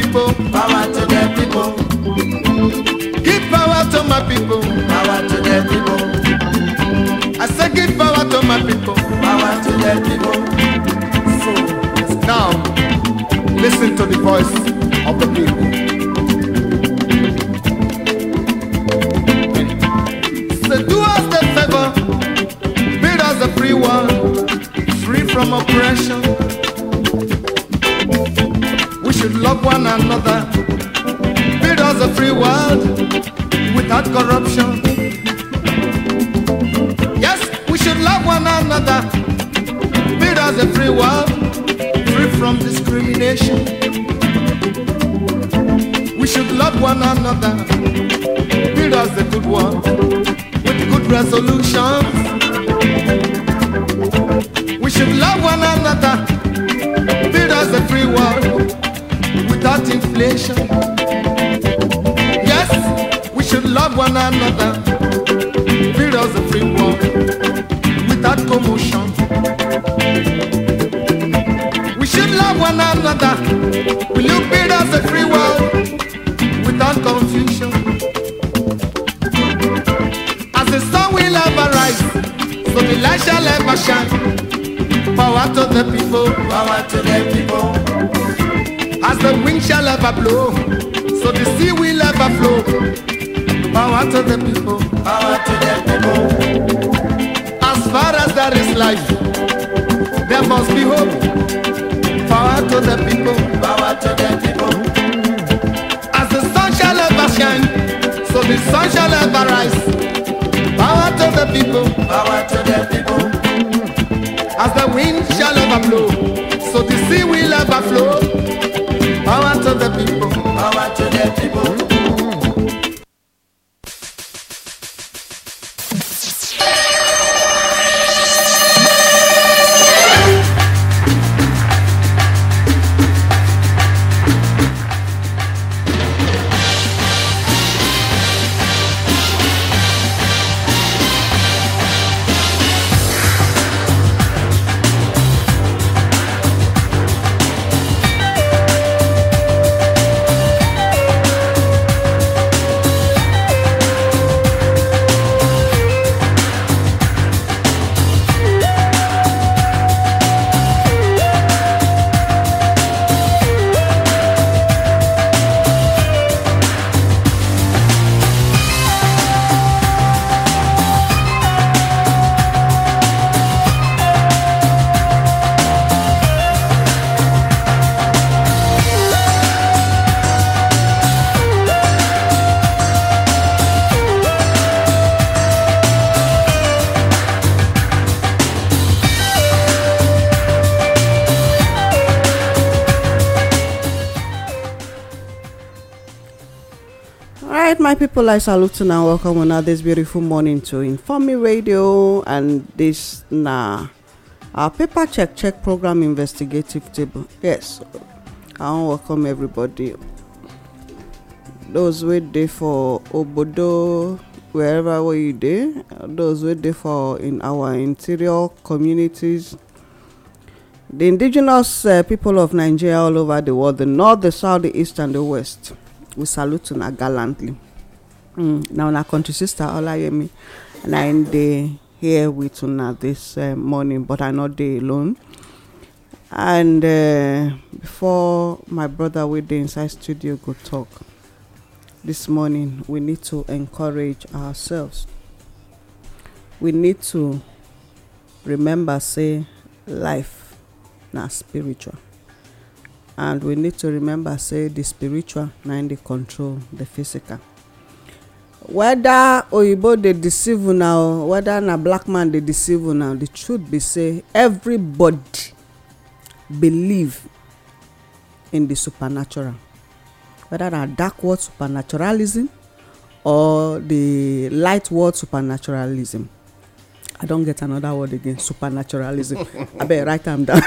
people as the wind shall ever blow, so the sea will ever flow. Power to the people, power to the people. people salute you now welcome on this beautiful morning to inform me radio and this na our paper check check program investigative table yes i wan welcome everybody those wey dey for obodo wherever where you dey those wey dey for in our interior communities the indigenous uh, people of nigeria all over the world the north the south the east and the west we salute una gallantly Mm, now, country sister Olayemi, and I the here with una this uh, morning, but I'm not there alone. And uh, before my brother with the inside studio go talk this morning, we need to encourage ourselves. We need to remember say life na spiritual. And we need to remember say the spiritual na in the control the physical whether oyibo dey deceive una or whether na black man dey deceive una the truth be say everybody believe in the supernatural whether na dark world supernaturalism or the light world supernaturalism i don get another word again supernaturalism abeg write am down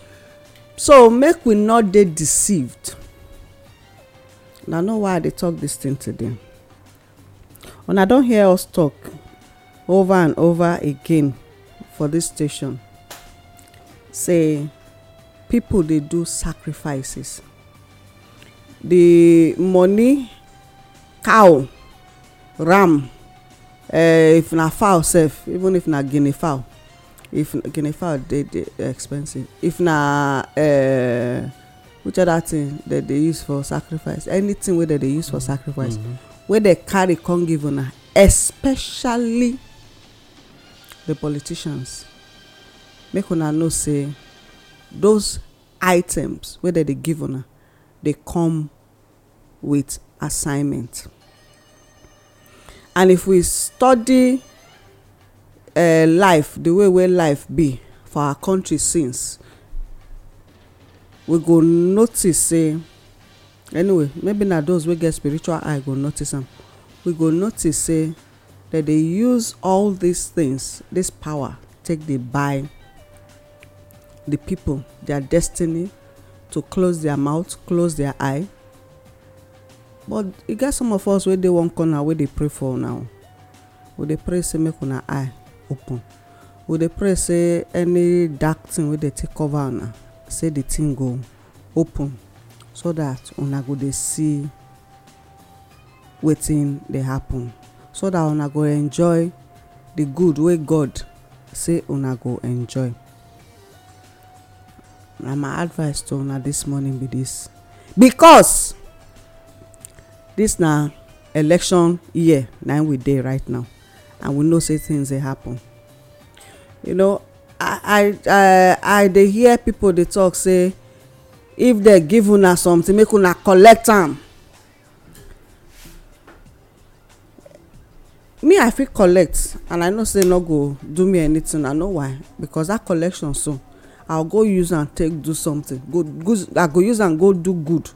so make we not dey deceived na know why i dey talk this thing today una don hear us talk over and over again for this station say people dey do sacrifices the money cow ram eh, if na fowl sef even if na guinea fowl if guinea fowl dey expensive if na eh, which other thing dem dey use for sacrifice anything wey dem dey use for mm-hmm. sacrifice mm-hmm. wey dem carry come give una especially the politicians make una know say those items wey dem dey give una dey come with assignment and if we study uh, life the way wey life be for our country since we go notice say eh, anyway maybe na those wey get spiritual eye go notice am we go notice say dem dey use all these things this power take dey buy the people their destiny to close their mouth close their eye but e get some of us wey dey one corner wey dey pray for now we dey pray say make una eye open we dey pray say any dark thing wey dey take cover una say the thing go open so that una go dey see wetin dey happen so that una go enjoy the good wey god say una go enjoy na my advice to una this morning be this because this na election year na we dey right now and we know say things dey happen you know i i i dey hear pipo dey talk say if dem give una something make una collect am me i fit collect and i know say no go do me anything i know why because that collection so i go use am take do something go i go use am go do good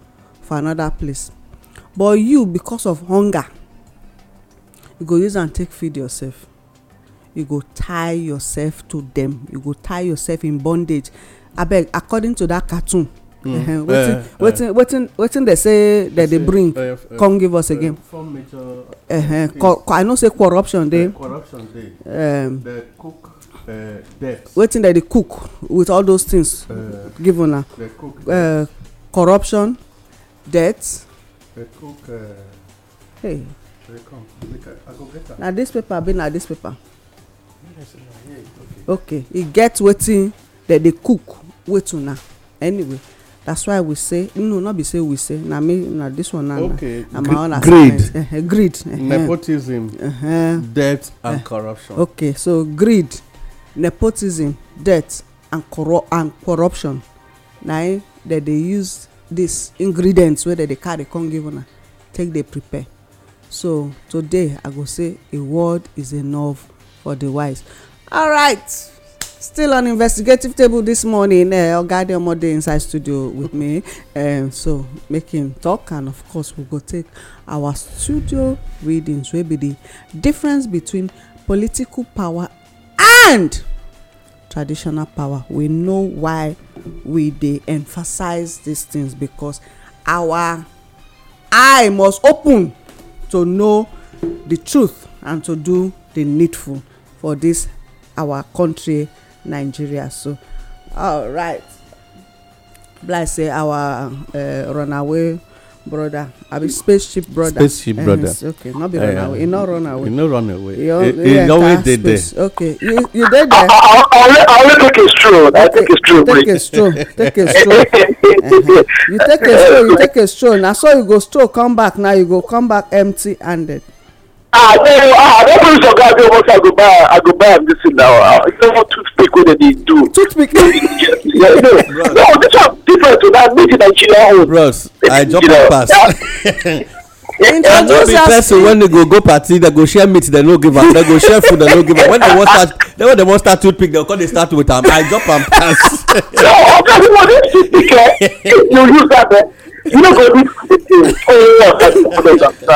for another place but you because of hunger you go use am take feed yourself you go tie yourself to them. you go tie yourself in bondage abeg according to that cartoon hmm. eh, eh, eh, wetin wetin wetin dey say dem dey bring come give us again i know say corruption dey um, wetin dem dey cook with all those things give una corruption debt hey na this paper be na this paper okay e get wetin dem dey cook wait wey tuna anyway that's why we say no not be say we say na me na this one na okay. my own assignment greed uh greed eh, nepotism uh-huh. debt and uh corruption okay so greed nepotism debt and corru and corruption na im e, dem dey use this ingredients wey dem dey carry come give una take dey prepare so today i go say a word is enough for the wise all right still on investigative table this morning oga eh, adeomode inside studio with me um, so make him talk and of course we go take our studio readings wey be the difference between political power and traditional power we know why we dey emphasize these things because our eye must open to know the truth and to do the needful for this, our country nigeria so alright like say our uh, runaway brother abi spaceship brother spaceship brother okay not be runaway eh, e no run away e no run away e always dey there okay you you dey there i only take a stroll i take a stroll break take a stroll take a stroll uh-huh. you take a stroll you take a stroll na so you go stroll come back now you go come back empty handed Ah, no, ah, that was your guy. I go buy, I go buy this thing now. Uh, you know what toothpick what they do? Toothpick? yeah, you know. Russ. No, this one different to that made in Nigeria. Russ, I jump you pass. Yeah. no be person when they go go party they go share meat they no give am they go share food they no give am when they wan start they when they wan start toothpick they go come dey start with am i jump am pass. no okay people this toothpick eh you use that eh you no go reach okay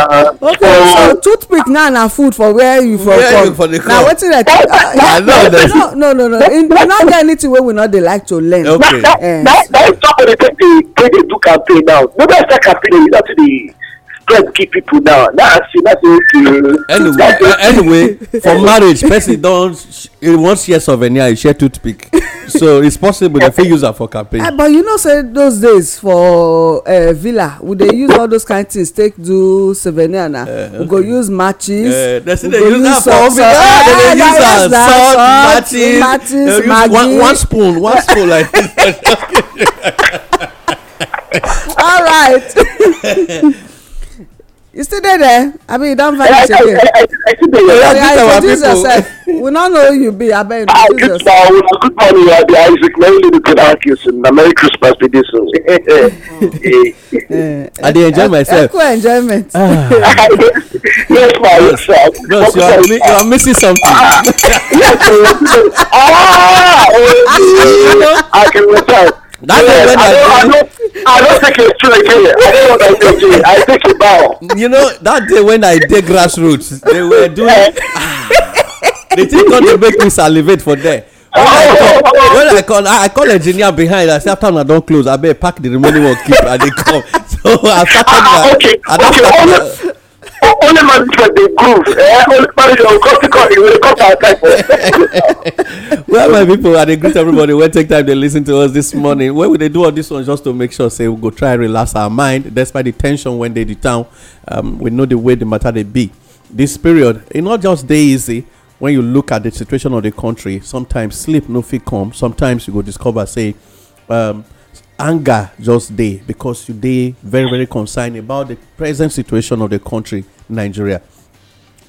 oh, so toothpick now na food for where you from from na wetin i tell you no no no no we no get anything wey we no dey like to learn. okay that that that is somebody take dey take dey do campaign now no be say campaign dey use am to dey stress keep people down that's that's okay. anyway that's okay. anyway for marriage person don he wan share souvenir he share toothpick so it's possible dem fit use am for campaign. Uh, but you know say those days for uh, villa we dey use all those kind things take do souvenir na uh, okay. we go use matches uh, we go use salt salt ah dem dey use am salt matches matches maggi one, one spoon one spoon like this. all right. you still dey there i mean you don vanish again i still dey there i introduce we no know who you be abeg ah, introduce yourself. ah good good morning i be isaac merry little good atkinson na merry christmas be dis o. Eh, eh. eh, i dey enjoy myself. echo enjoyment. Ah. yes ma yes ma. yes you are mi you are missing something. yes o yes o ah oh i can recite. That yes, when I, I, don't, I, don't, I don't take it to again. I don't want to take it. I take it back. You know, that day when I did grassroots, they were doing. Ah. they think not to make me salivate for there. Oh. When I call, I call, engineer behind. I say after I don't close, I better pack the remaining one keep and they come. So I started. Ah, okay, I, I okay. Start, okay only man for the groove eh only marriage on cortical e will come our time. well my people i dey greet everybody wey take time dey lis ten to us this morning when we dey do all this one just to make sure say we go try relax our mind despite the tension wey dey the town um, we know the way the matter dey be this period e no just dey easy when you look at the situation of the country sometimes sleep no fit come sometimes you go discover say um, anger just day because you very very concerned about the present situation of the country nigeria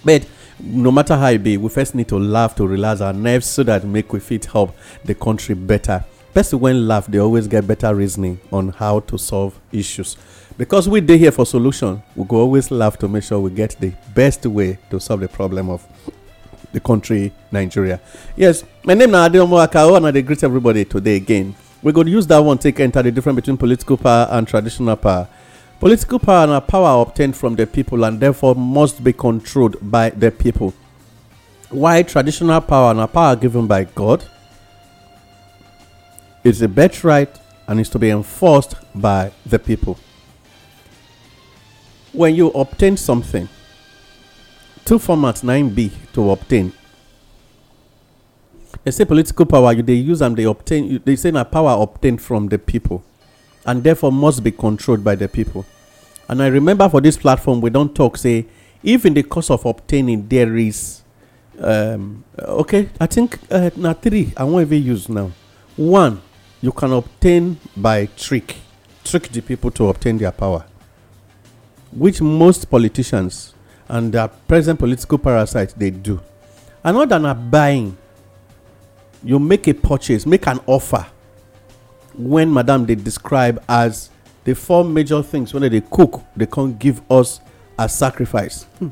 but no matter how it be we first need to laugh to relax our nerves so that make we fit help the country better Best when laugh they always get better reasoning on how to solve issues because we day here for solution we go always laugh to make sure we get the best way to solve the problem of the country nigeria yes my name na adeomo akawo and i greet everybody today again we're going to use that one take enter the difference between political power and traditional power. Political power and power are obtained from the people and therefore must be controlled by the people. Why traditional power and power given by God is a birthright and is to be enforced by the people. When you obtain something, two formats 9b to obtain They say political power, they use and they obtain, they say that power obtained from the people and therefore must be controlled by the people. And I remember for this platform, we don't talk, say, if in the course of obtaining there is, um, okay, I think uh, now three, I won't even use now. One, you can obtain by trick, trick the people to obtain their power, which most politicians and their present political parasites they do. Another na buying you make a purchase, make an offer. When Madam they describe as the four major things when they cook, they can't give us as sacrifice. Hmm.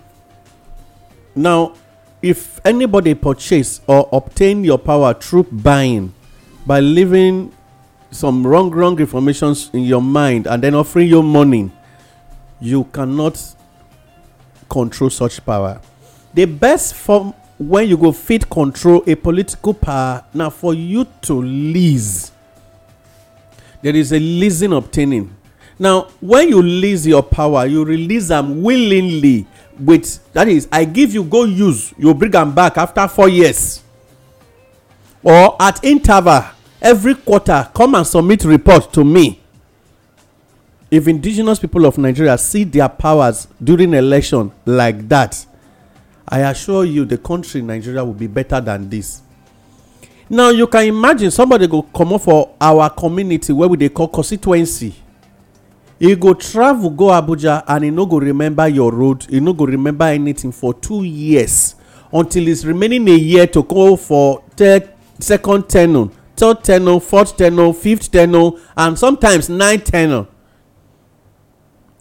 Now, if anybody purchase or obtain your power through buying by leaving some wrong wrong information in your mind and then offering you money, you cannot control such power. The best form when you go fit control a political power na for you to lease there is a leasing obtaining now when you lease your power you release am willingly with that is i give you go use you bring am back after four years or at interval every quarter come and submit report to me if indigenous people of nigeria see their powers during election like that I assure you, the country Nigeria will be better than this. Now you can imagine somebody go comot for our community wey we dey call constituency. E go travel go Abuja and e no go remember your road, e no go remember anything for two years until it's remaining a year to go for third, second tenure, third tenure, fourth tenure, fifth tenure, and sometimes ninth tenure.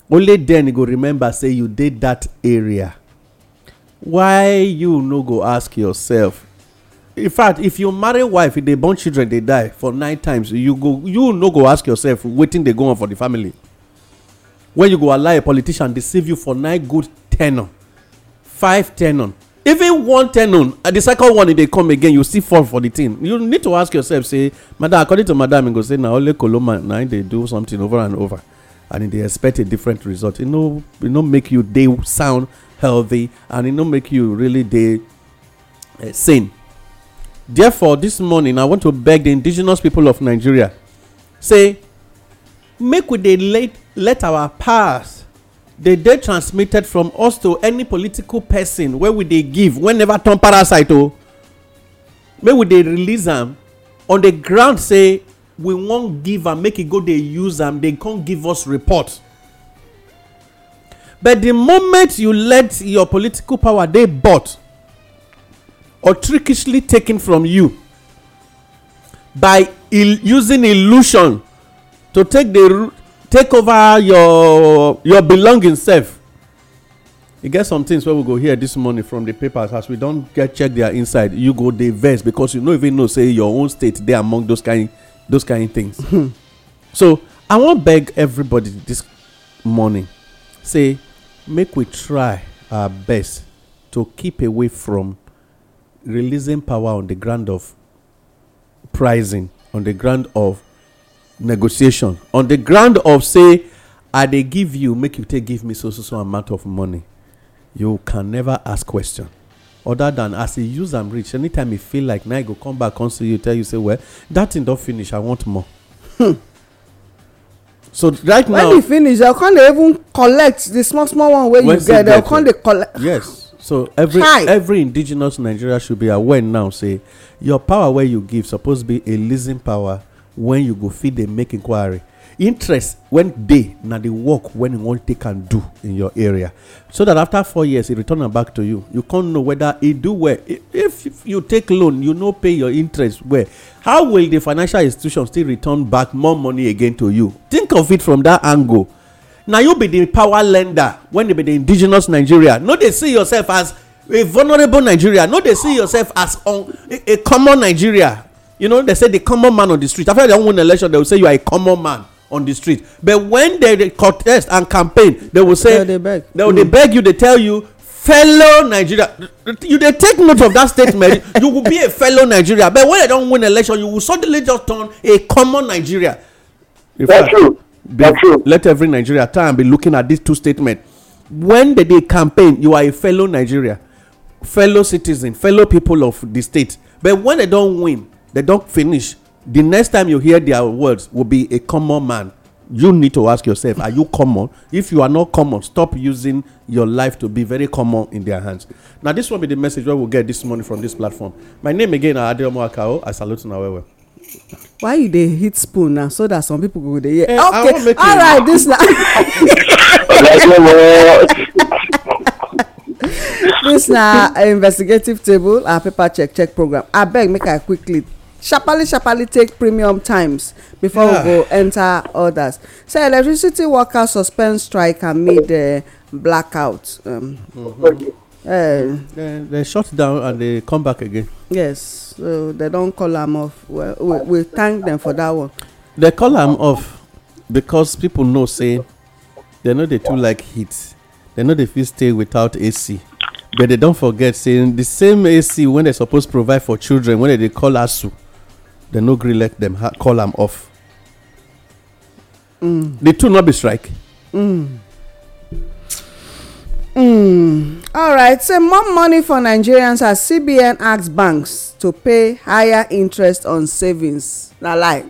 Only then you go remember say you did that area why you no go ask yourself in fact if you marry wife dey born children dey die for nine times you go you no go ask yourself wetin dey go on for the family when you go allow a politician deceive you for nine good tenor five tenor even one tenor uh, the second one e dey come again you still fall for the thing you need to ask yourself say madam according to madam e go say na only koloma na im dey do something over and over and e dey expect a different result e no e no make you dey sound healthy and it e no make you really dey eh, sane therefore this morning i want to beg the indigenous people of nigeria say make we dey let let our past dey dey transmitted from us to any political person wey we dey give wey never turn parasite o oh. make we dey release am on the ground say we wan give am make e go dey use am dem come give us report but the moment you let your political power dey bought or trickishly taken from you by using illusion to take the take over your your belonging sef e get some things wey we go hear this morning from the papers as we don get check their inside you go dey vex because you no even know say your own state dey among those kind those kind things so i wan beg everybody this morning say make we try our best to keep away from releasing power on the ground of pricing, on the ground of negotiation, on the ground of say, I they give you, make you take give me so so so amount of money. You can never ask question. Other than as he use am reach, anytime you feel like now he go come back, come see you, tell you, say, Well, that thing don't finish, I want more. so right when now when e finish dem con dey even collect the small small one wey you get dem con dey collect yes so every every indigenous nigeria should be aware now say your power wey you give suppose be a leasing power when you go fit dey make inquiry interest when dey na the work when you wan take am do in your area so that after four years e return am back to you you con know whether e do well if you take loan you no pay your interest well how will the financial institution still return back more money again to you think of it from that angle na you be the power lender when you be the indigenous nigeria no dey see yourself as a vulnerable nigeria no dey see yourself as a common nigeria you know they say the common man on the street after they don win election they will say you are a common man on the street but when they, they contest and campaign they will say they, beg. they will mm. they beg you they tell you fellow nigeria you dey take note of that statement you will be a fellow nigeria but when they don win election you will suddenly just turn a common nigeria. That's fact true. Be, That's true. let every nigeria try and be looking at these two statements when they dey campaign you are a fellow nigeria fellow citizen fellow people of the state but when they don win they don finish the next time you hear their words will be a common man you need to ask yourself are you common if you are not common stop using your life to be very common in their hands now this will be the message we will get this morning from this platform my name again na adeomo akao i salute una well well. why you dey hit spoon na so that some people go dey hear. Hey, eh, okay all right this na. this na investigative table our paper check check program abeg make i quickly sharparly sharparly take premium times before we go enter others So electricity workers suspend strike amid blackout Uh, they, they shut down and they come back again. Yes, so they don call am off. Well, we, we thank them for that one. They call am off because people know say they no dey too like heat. They no dey fit stay without AC. But they don forget say the same AC wey they suppose provide for children when they dey call ASU dem no gree let dem call am off mm. the two not be strike mm. Mm. all right say more money for nigerians as cbn asks banks to pay higher interest on savings na lie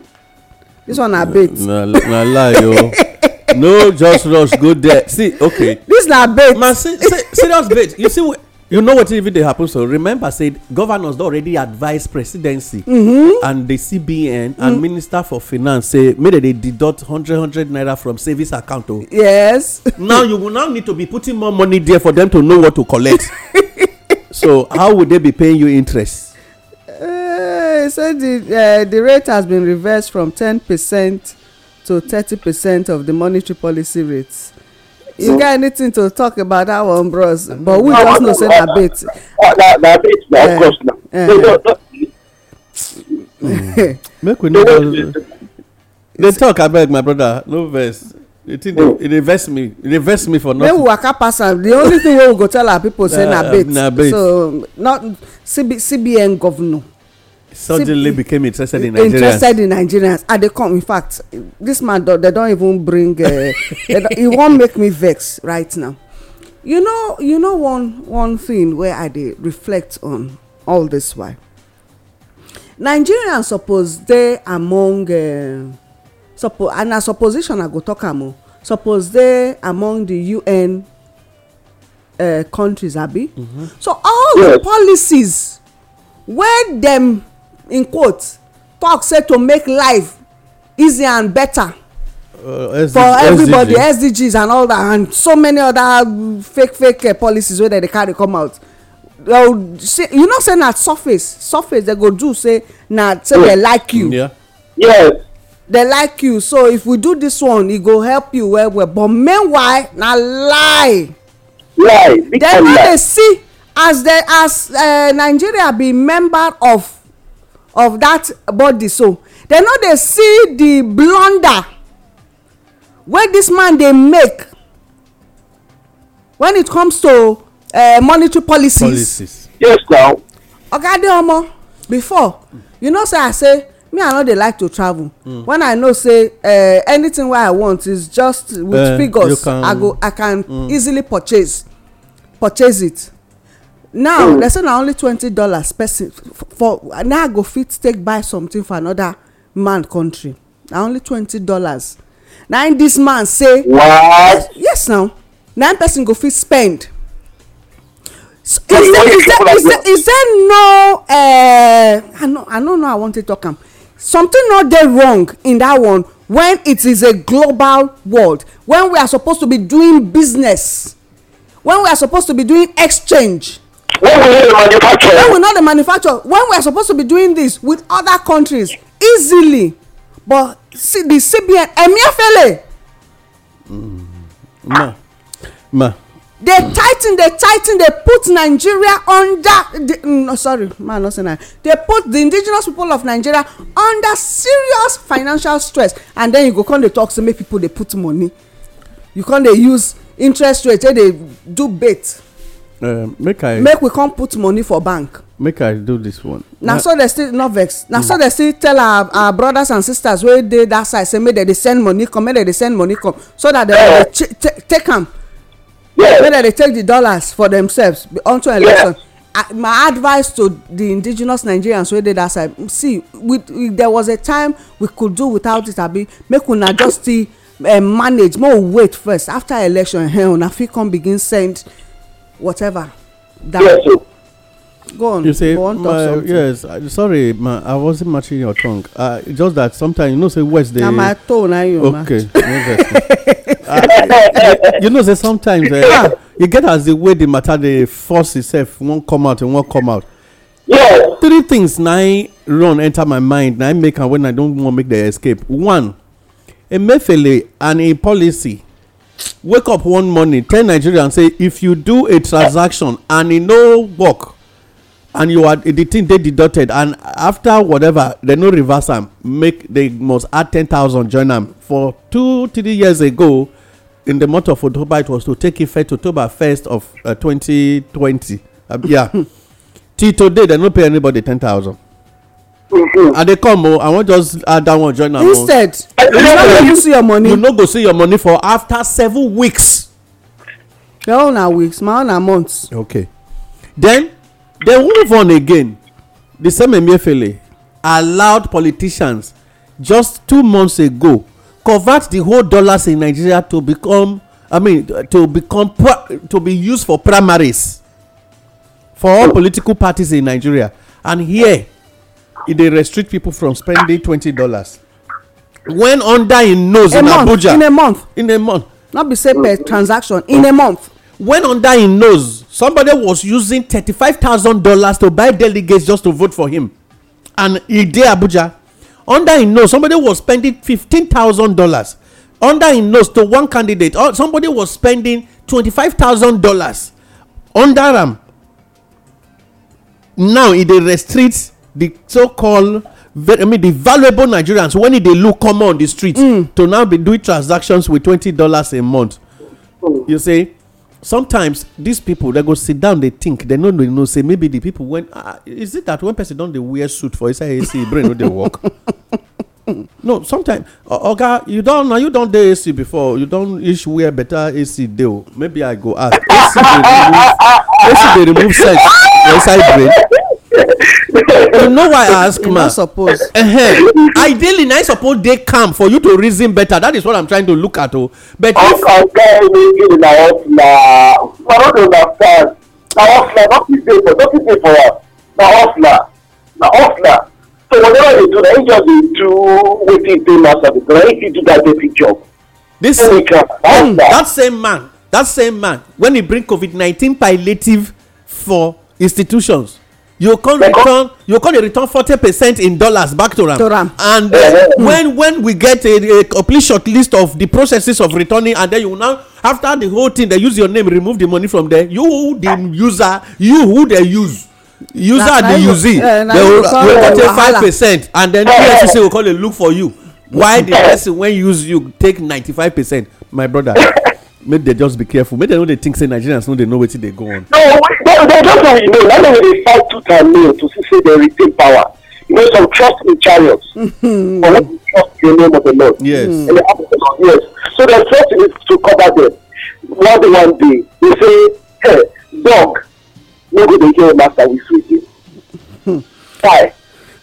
this one a bit. na lie yo. no just rush go there see okay. this na bait man serious bait you see what? you know wetin even dey happen so remember say governors don already advise presidency mm-hmm. and the cbn and mm. minister for finance say make dem dey deduct hundred hundred naira from savings account o oh. yes now you will now need to be putting more money there for them to know what to collect so how would they be paying you interest uh, so the uh, the rate has been reversed from ten percent to thirty percent of the monetary policy rate you get anything to talk about that one bros mm-hmm. but we just know say na bait na bait na of course na make we no go dey talk abeg my brother no vex the thing dey dey vex me dey vex me for nothing. make we waka pass am the only thing wey we go tell our people say na bait so not cbn governor suddenly became interested in nigerians interested in nigerians i they come in fact this man they don even bring uh, e wan make me vex right now you know you know one one thing wey i dey reflect on all this. while nigerians suppose dey among uh, suppose and na supposition i go talk am o suppose dey among the un uh, countries abi mm-hmm. so all the policies wey dem in quote talk say to make life easy and better uh, for everybody sdgs and all that and so many other fake fake uh, policies wey dem dey carry come out say you know say na surface surface dem go do say na say oh. dem like you yeah. dem like you so if we do this one e go help you well well but meanwhile na lie lie dem no dey see as as uh, nigeria be member of of that body so dem no dey see the blunder wey this man dey make when it comes to eh, monetary policies yes now oga adeomo before you know say i say me i no dey like to travel hmm. when i know say eh, anything wey i want is just with eh, figures i go i can hmm. easily purchase purchase it now dem mm. say na only twenty dollars person for now i go fit take buy something for another man country na only twenty dollars na in this man say what yes now na im person go fit spend so is there is there is there is there no uh, i no i no know i wan take talk am something no dey wrong in that one when it is a global world when we are supposed to be doing business when we are supposed to be doing exchange when we need the manufacturer. when we know the manufacturer when we are supposed to be doing this with other countries easily but see the cbn emefiele. Mm. ma ma. they tighten they tighten they put nigeria under the mm, no sorry ma, no say na they put the indigenous people of nigeria under serious financial stress and then you go come dey talk say make people dey put money you come dey use interest rate take dey do bait. Uh, make i make we come put money for bank make i do this one na so they still not vex na so mm. they still tell our our brothers and sisters wey dey that side say make dem dey send money come make dem dey send money come so that dem go take am make dem dey take the dollars for themselves unto election my advice to the indigenous nigerians wey dey that side see we there was a time we could do without it abi make una just still eh, manage make we wait first after election eh, una fit come begin send whatever. That yes, sir. Go on. You say, on, my, yes. I, sorry, ma, I wasn't matching your tongue. Uh, just that sometimes you know, say West. They, my tone, are you? Okay. uh, you know, say sometimes uh, you get as the way the matter the force itself won't come out and won't come out. Yes. Three things now run enter my mind. Now I make and when I don't want to make the escape. One, a method and a policy wake up one morning tell nigerians say if you do a transaction and e no work and you are the thing dey deducted and after whatever they no reverse am make they must add ten thousand join am for two three years ago in the month of october it was to take effect october first of uh, twenty twenty um, yeah till today they no pay anybody ten thousand Mm-hmm. And they come oh! i want just add that one join am oh. instead you no go see your money you no go see your money for after seven weeks your own na weeks my own na months okay then they move on again the same emefiele allowed politicians just two months ago convert the whole dollars in nigeria to become i mean to become to be used for primaries for all mm. political parties in nigeria and here e dey restrict people from spending twenty dollars when under im nose in abuja in a month in a month not be say per transaction in a mm. month when under im nose somebody was using thirty-five thousand dollars to buy delegates just to vote for him and e dey abuja under im nose somebody was spending fifteen thousand dollars under im nose to one candidate or somebody was spending twenty-five thousand dollars under am now e dey restrict the so called I mean the valuable Nigerians when they look common on the street mm. to now be doing transactions with twenty dollars a month. You see, sometimes these people they go sit down, they think they know they know say maybe the people when uh, is it that one person don they wear suit for inside AC e brain no they walk. no sometimes uh, oga you don na you don dey ac before you don each wear better ac dey o maybe i go ask ac dey remove ac dey remove sex for inside brain. you know why i ask ma -huh. ideally na i suppose dey calm for you to reason better that is what i'm trying to look at o oh. but if. ọ̀gá ẹni na ọ̀fìnà na ọ̀fìnà na ọ̀fìnà no fit dey for no fit dey for am na ọ̀fìnà na ọ̀fìnà so whatever they do na he just dey do wetin dey master because na he fit do that dirty job. this so mm, that same man that same man when he bring covid nineteen palliative for institutions you come return you come dey return forty percent in dollars back to am and when when we get a a complete short list of the processes of returning and then you now after the whole thing they use your name remove the money from there you the user you who dey use user the usee uh, they will go take five percent and then efcc will come dey look for you why the person wey use you take ninety-five percent my brother make they just be careful make they no dey think say nigerians no dey know wetin dey go on. no they they just like you know that's why they dey fight tooth and nail to see say they retain power you know some trust in chariots but when you trust in the name of the lord yes and the act of yes so dem trust in it to cover them. one day one day they say hey dog no go dey hear master we sweet you why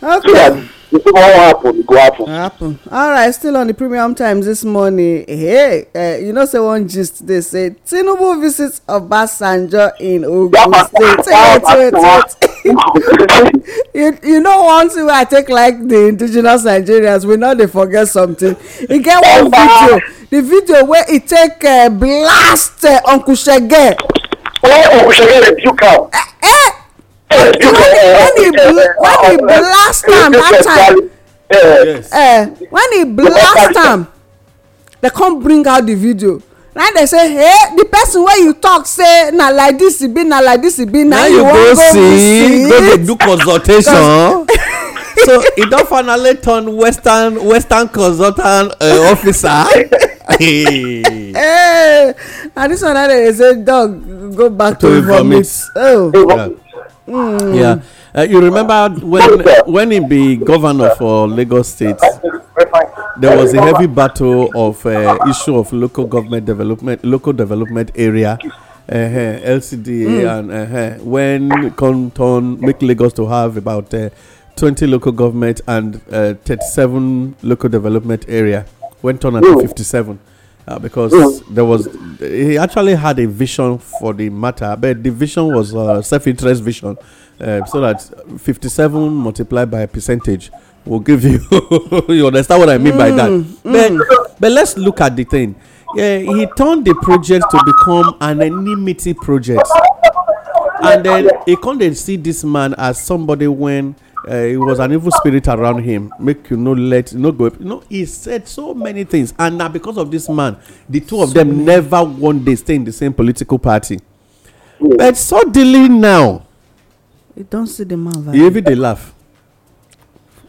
so that you see what happen e go happen. happen all right still on the premium times this morning hey uh, you know say one gist dey say tinubu visit obasanjo in ogun state wait wait wait you you know one thing wey i take like the indigenous nigerians we no dey forget something e get one video the video wey e take uh, blast uh, uncle shege. wey uncle shege rebuke am. Eh, eh, when he when he blast am that time eh, eh when he blast am they come bring out the video na dem say hey the person wey you talk say na like this e be na like this e be na you wan go see go dey do consultation so e don finally turn western western consultant uh, officer. hey, eh, and this one na dey say dog go back to vomit. oh. Yeah. Mm. Yeah. Uh, you remember when when he be governor for Lagos State, there was a heavy battle of uh, issue of local government development, local development area, uh, uh-huh, LCDA, mm. and uh, when Compton make Lagos to have about uh, 20 local government and uh, 37 local development area, went on at mm. 57. uh, because there was he actually had a vision for the matter, but the vision was uh, self-interest vision, uh, so that 57 multiplied by a percentage will give you. you understand what I mean mm. by that? Mm, mm. But but let's look at the thing. Yeah, he turned the project to become an enmity project, and then he couldn't see this man as somebody when uh, it was an evil spirit around him make you no let no go you know he said so many things and now because of this man the two of so them never one day stay in the same political party oh. but suddenly now you don't see the man like even they laugh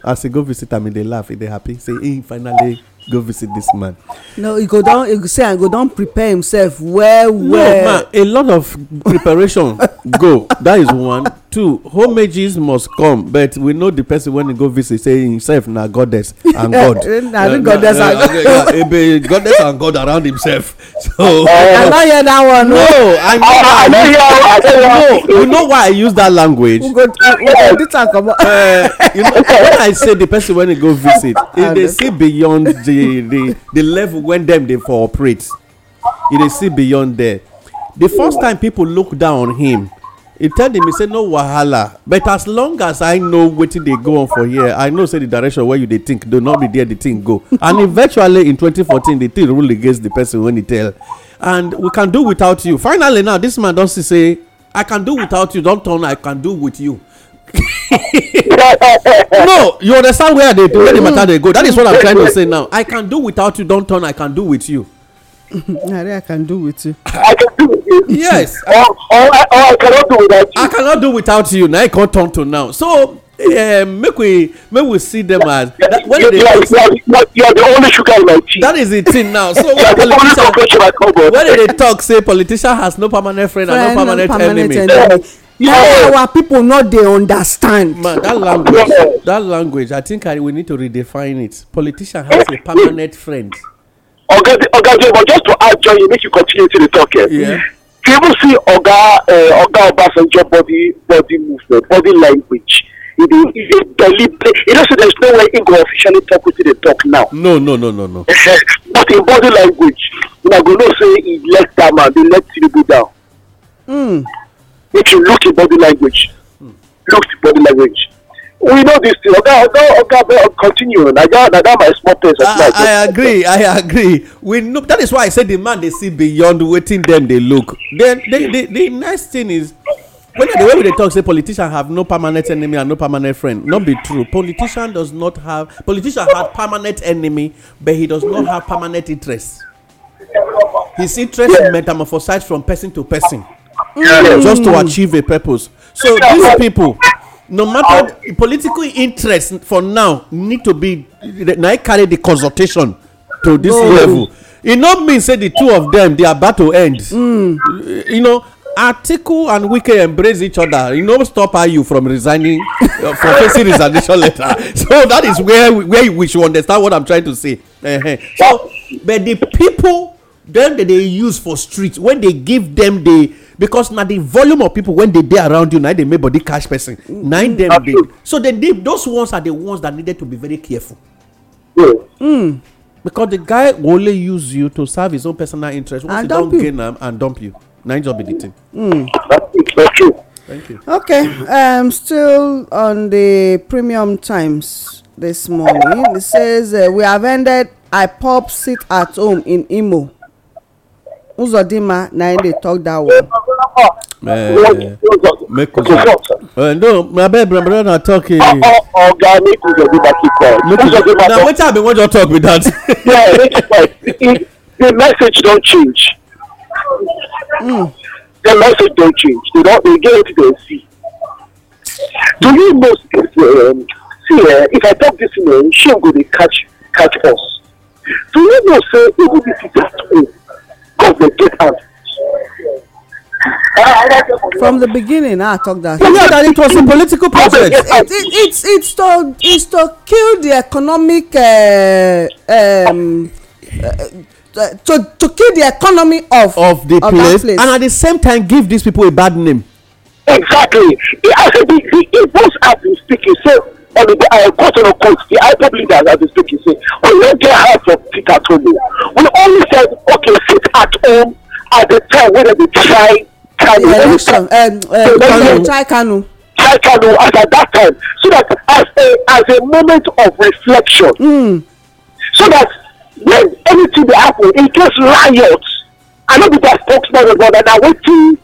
as he go visit him, he they laugh They happy say he finally go visit this man no he go don He say i go don prepare himself well well no man a lot of preparation go that is one two homages must come but we know the person when he go visit say himself na goddess and god na the goddess and god e be goddess and god around himself so eh, i no hear that one no i ah, i no hear i no you know why i use that language we go do am comot eh, you know when i say the person when he go visit e dey see beyond the the the the level when them they for operate e dey see beyond there the first time people look down on him he tell them he say no wahala but as long as i know wetin dey go on for here i know say the direction where you dey think do not be there the thing go and eventually in 2014 the thing rule against the person wey he tell and we can do without you finally now this man don see say i can do without you don turn i can do with you no you understand where they where the matter dey go that is what i'm trying to say now i can do without you don turn i can do with you. Nare, I can do with you. I can do with you. Yes. Or, or, or I cannot do without you. I cannot do without you. Now I can't turn to now. So uh, make we make we see them as that, when you're, they the only sugar in my tea. That is the thing now. So when politician when they talk say politician has no permanent friend, friend and no permanent, permanent enemy. enemy na why our people no dey understand. Man, that language that language i think I, we need to redefine it politician has a permanent friend. oga oga but just to add join you make you continue to dey talk here. Yeah. you even see oga uh, oga obasanjo body body movement body language e dey e dey deliberate you know say there is no way im go officially talk wetin dey talk now. no no no no no. but im body language una go know say e let dat man dey let tinubu down. Mm if you look at body language look at body language we know this thing oga oga oga continue na that na that my small place. i i agree i agree we know that is why i say the man dey see beyond wetin dem dey look then the the the next thing is whether the way we dey talk say politician have no permanent enemy and no permanent friend no be true politician does not have politician have permanent enemy but he does not have permanent interest his interest yeah. metamorphosize from person to person. Mm. just to achieve a purpose so these people no matter political interest for now need to be na carry the consultation to this mm. level It e not mean say the two of them their battle end mm. you know article and wike embrace each other You e no stop you from resigning uh, for facing resignation letter so that is where where we should understand what i'm trying to say uh-huh. so but the people that they use for streets when they give them the because na the volume of people when they dey around you na dey make body catch person na im dem dey so they need those ones are the ones that needed to be very careful. Yeah. Mm. because the guy go only use you to serve his own personal interest once and he don gain am um, and dump you na him just be the thing. Mm. Thank you. Okay, um, still on the premium times this morning. It says uh, we have ended. I pop sit at home in Imo uzodinma na im dey talk that one. make uzodinma eh, no my bad brother na talk. Eh. oga oh, oh, oh, make uzodinma keep quiet. talk be that. the message don't change. Mm. the message don't change they don't. they get wetin dem see. do you know um, see eh if i talk this thing eh shame go dey catch catch us do you know say even if you at home because they take am. From the beginning, I talked that. You that it was a political project. It, it, it's, it's, to, it's to kill the economic. Uh, um, uh, uh to to kill the economy of of the of place, place and at the same time give these people a bad name. exactly he has a big he even as he speaking so on the uh, quote on quote, the IPOB leaders as they speak, say, we don't get help from Peter Tony. We only said, okay, sit at home at the time when they try Kanu. Yeah, um, um, Try Kanu. Try Kanu as at that time. So that as a, as a moment of reflection, mm. so that when anything dey happen in case riot, I no be their spokesman, but na wetin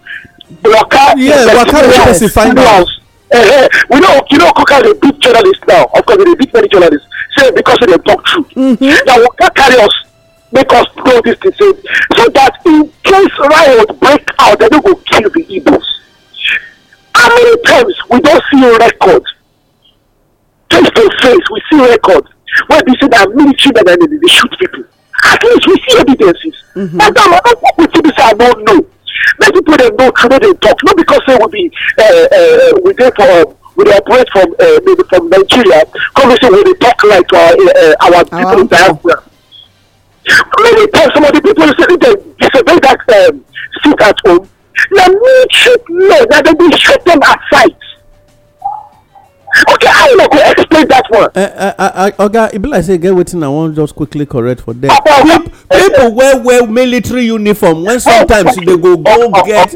Waka, yeah, Waka, Waka, Waka, Waka, Uh, we know you know Coca is a big journalist now. Of course, he's a big many journalists. Say because they talk truth. Mm-hmm. Now Waka carry us, make us know this thing, so that in case riot break out, they don't go kill the Igbos. How many times we don't see a record? Face to face, we see records where they say that military men and they shoot people. At least we see evidences. Mm-hmm. But now, what we think is I don't know make people dey know how they talk not because they will be uh, uh, we dey for um, we operate from uh, maybe from nigeria come say we talk like to uh, uh, our uh, our people in diaspora many times some of the people say they disobey that um, seat at home Now we should know that they be shut them aside okay how you go explain that one. Eh, eh, eh, oga e be like say get wetin i wan just quickly correct for there people wey wear military uniform when sometimes they go go get.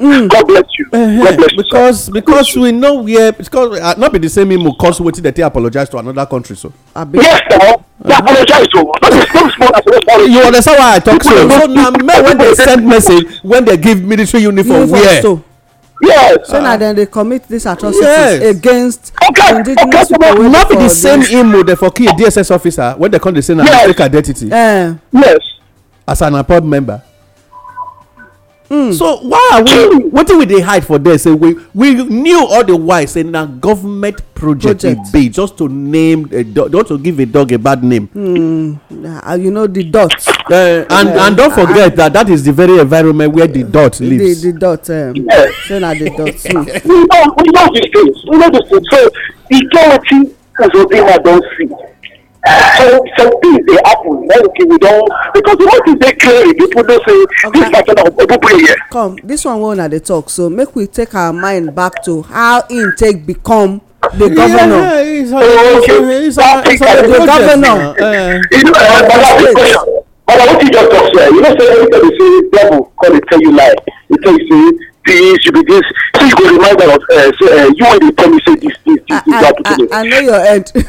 Mm. god bless you god bless you because because we know we because uh, not be the same imo cause wetin that they apologize to another country so. yes sir na uh-huh. apologize o no be small small you understand why i talk so so na men wey send message when they give military uniform wear yes say na dem dey commit these atrocities against indigenous people wey dey for not be di same imo dem for kill dss officer when dem come dey say na fake identity yes as an appointed member Hmm. so why are we wetin we dey hide for there say we we knew all the while say na government project e be just to name a dog just to give a dog a bad name Uh, you know the dot Uh, and and don't ah, forget ah. that that is the very environment where the dot lives the the dot um, say na the dot we know we know the things we know the things so e get wetin azobima don see some some things dey happen na okay we don because the whole dey clear people know say okay. this matter na ogbon play come this one wey una dey talk so make we take our mind back to how im take become the governor. Yeah, yeah, he's, a okay. he's, a he's, a he's, he's, he's the governor. Uh, you know, uh, but, but what you just talk here you know say everybody say devil come dey tell you lie dey tell you say this you be this so you go remind am of uh, say uh, you wey dey tell me say this this this this happen to me. i know your end.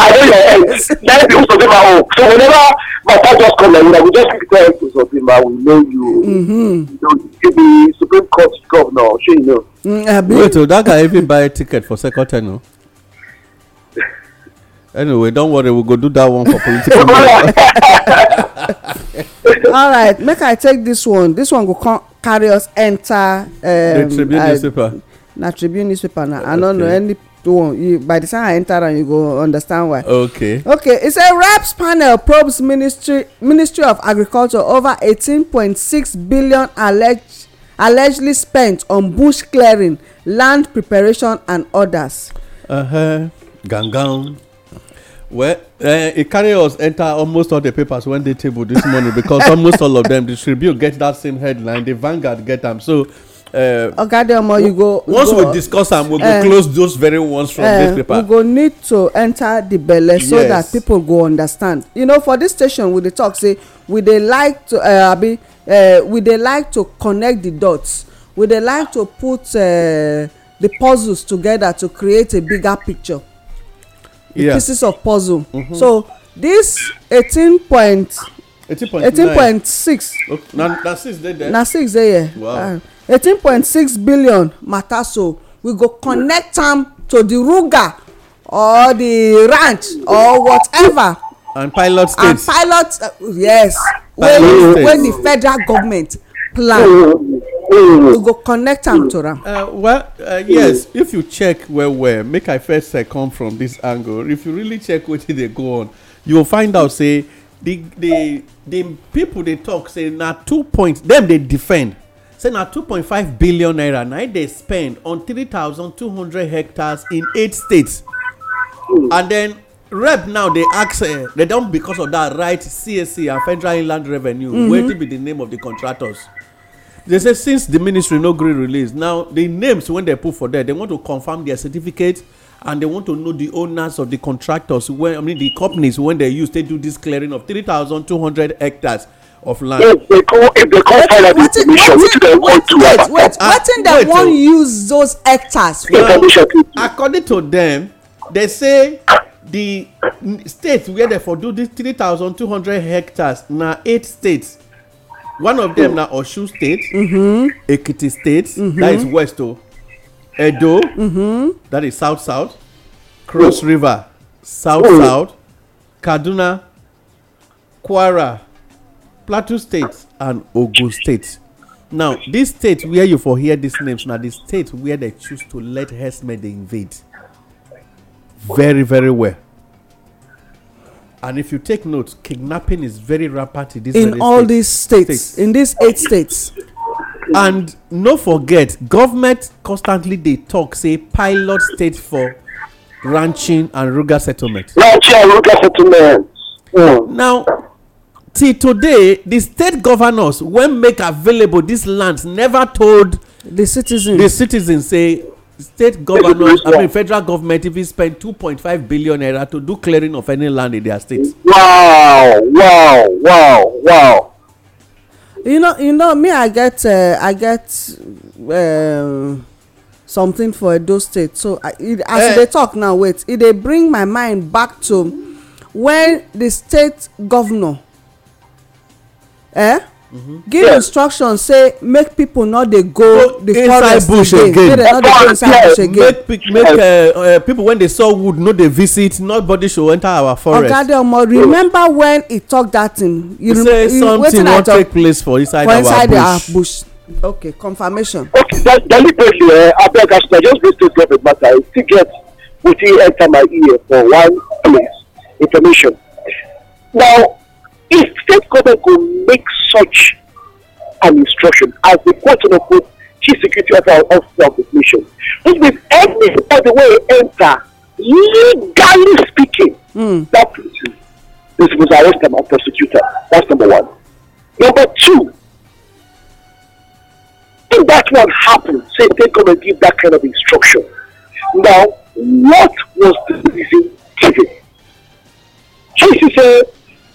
I know your end. Let the Uzodima own. So whenever my father just come like that, we just keep telling Uzodima, we know you. Mm-hmm. You know, you be Supreme Court governor, sure you know. Mm, uh, Wait, so that guy even buy a ticket for second term, no? anyway don't worry we go do that one for political matter. all right make i take this one this one go come carry us enter. Um, the tribune I, newspaper. na tribune newspaper na okay. i don't know any you by the time i enter am you go understand why okay okay It's a reps panel probes ministry ministry of agriculture over 18.6 billion alleged allegedly spent on bush clearing land preparation and others uh-huh Gang gang. well uh, e carry us enter almost all the papers when they table this morning because almost all of them the tribune get that same headline the vanguard get them so okade uh, omo you go once we discuss am we go uh, close those very ones from dis uh, paper we go need to enter the belle so that people go understand you know for this station we dey talk say we dey like to abi we dey like to connect the dots we dey like to put the puzzles together to create a bigger picture the pieces of puzzle mm-hmm. so this eighteen 18.6 na 6 dey there na 6 dey here wow ah eighteen point six billion matter so we go connect am to the ruga or the ranch or whatever. and pilot state. and pilot uh, yes wey wey the federal government plan we go connect am to am. Uh, well uh, yes if you check well well make i first uh, come from this angle if you really check wetin dey go on you go find out say the the the people dey talk say na two points. dem dey defend say na 2.5 billion naira na im dey spend on 3200 hectares in eight states hmm. and then rep now dey ask they eh, don because of that write csc and federal inland revenue mm-hmm. wetin be the name of the contractors they say since the ministry no gree release now the names wey dem put for there they want to confirm their certificate and they want to know the owners of the contractors i mean the companies wey dem use take do this clearing of 3200 hectares of land. Yes, they come, if they come find out the information, wetin dem wan do about that. Wait, wetin dem wan use those hectares for? Well, according to dem, they say the states where they for do this 3200 hectares na eight states one of them na osun state mm -hmm. ekiti state mm -hmm. that is west o oh. edo mm -hmm. that is south south cross mm. river south mm. south kaduna kwara plateau state and ogun state now this state where you for hear dis names na di state where they choose to let herdsmen dey invade very very well and if you take note kidnapping is very rampant in dis in all these states in these eight states and no forget government constantly dey talk say pilot state for ranching and rural settlement ranching and rural settlement hmm. now till today the state governors wey make available dis lands never told the citizens The citizens say state governors i mean federal government even spend two point five billion naira to do clearing of any land in their state wow wow wow wow you know you know me i get uh, i get um, something for edo state so as you eh. dey talk now wait e dey bring my mind back to when the state governor eh mm-hmm. give instruction say make people no dey go the forest again make dem no dey go inside bush again make eh, eh, people wey dey saw wood no dey visit nobody should enter our forest oga omo remember when e tok that tin you say something wan take place for inside our bush okay confirmation Okay, that ok deliberately eh abeg as i just dey get the matter i still get wetin enter my ear for one place information now state government go make such an instruction as the quote unquote chief security officer of the nation which means any step the way enter legally speaking mm. that person they suppose arrest them and prosecute them. that's number one number two if that one happen say state government give that kind of instruction now what was the reason given she say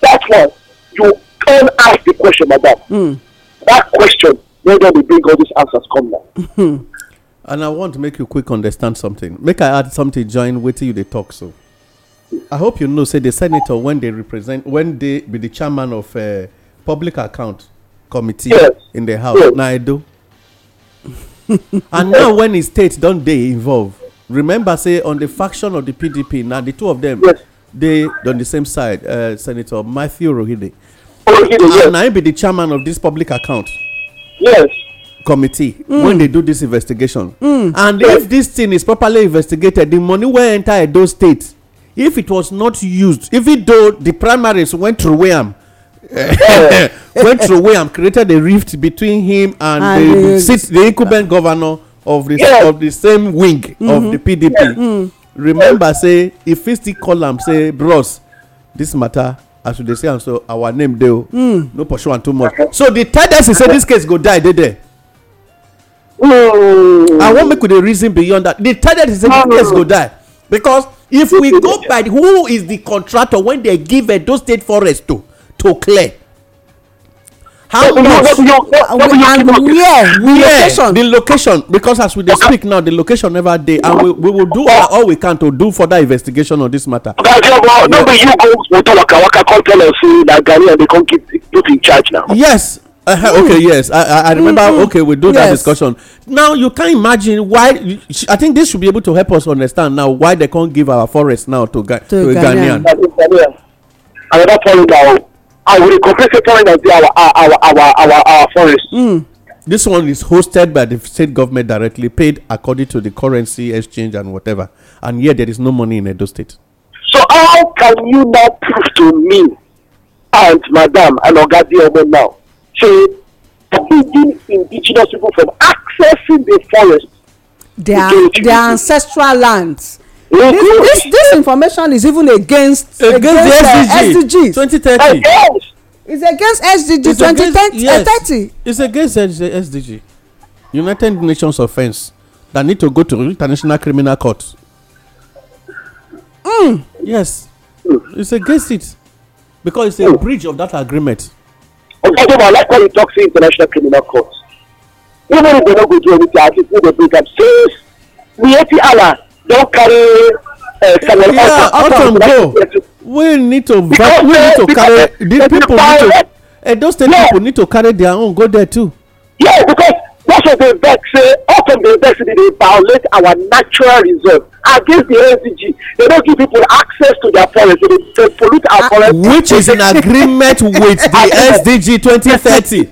that one you can ask the question, about Mm. That question, Whether do we bring all these answers come now? Hmm. and I want to make you quick understand something. Make I add something, join, wait you they talk so. I hope you know, say the senator, when they represent, when they be the chairman of uh, public account committee yes. in the house, yes. now I do. and now when the state don't they involve, remember say on the faction of the PDP, now the two of them, yes. They on the same side uh, senator matthew rohide and I be the chairman of this public account yes committee mm. when they do this investigation mm. and if this thing is properly investigated the money wey enter those states. if it was not used if it though the primaries went through am went through William, created a rift between him and the incumbent governor of the of the same wing of mm-hmm. the pdp remember say e fit still call am say bros this matter as we dey say am so our name dey o hmm. no pursue am too much so di tendency say this case go die dey there i hmm. wan make we dey reason beyond that di tendency say this case go hmm. die because if we go by who is the contractor wey dey give edo state forest to to clear how so much your, and where the location the location because as we dey speak now the location never there, and we we will do all we can to do further investigation on this matter. oga adeomo no be you go to waka waka come tell us that na they can't come keep put in charge now. yes Uh, mm. Okay, yes, I, I remember. Mm-hmm. Okay, we do yes. that discussion. Now you can't imagine why. I think this should be able to help us understand now why they can't give our forest now to, Ga- to, to Ghanaian. Ghanaian. Another point now our recompense point of the, our, our, our, our, our forest. Mm. This one is hosted by the state government directly, paid according to the currency exchange and whatever. And yet there is no money in Edo State. So how can you now prove to me and Madam and Oga Ogadiyomo now say forbidding indigenous people from accessing the forest? Their, their ancestral lands this, this this information is even against against, against the uh, SDG twenty thirty. it's against SDG twenty thirty. yes it's against SDG United Nations offence that need to go to international criminal court. Mm. yes it's against it because it's a hmm. breach of that agreement. okay so I like when you talk to international criminal court even if they don't go to anything at least make they break am since we hate allah don carry uh, yeah, out and go we need to we need to carry The people need to uh, those state yeah. people need to carry their own go there too. yeah because russia dey vex say eh, out of dey vex dey violate our natural reserve against the NCG they no give people access to their forest they dey pollute our forest. Ah, which is in agreement with the SDG twenty thirty.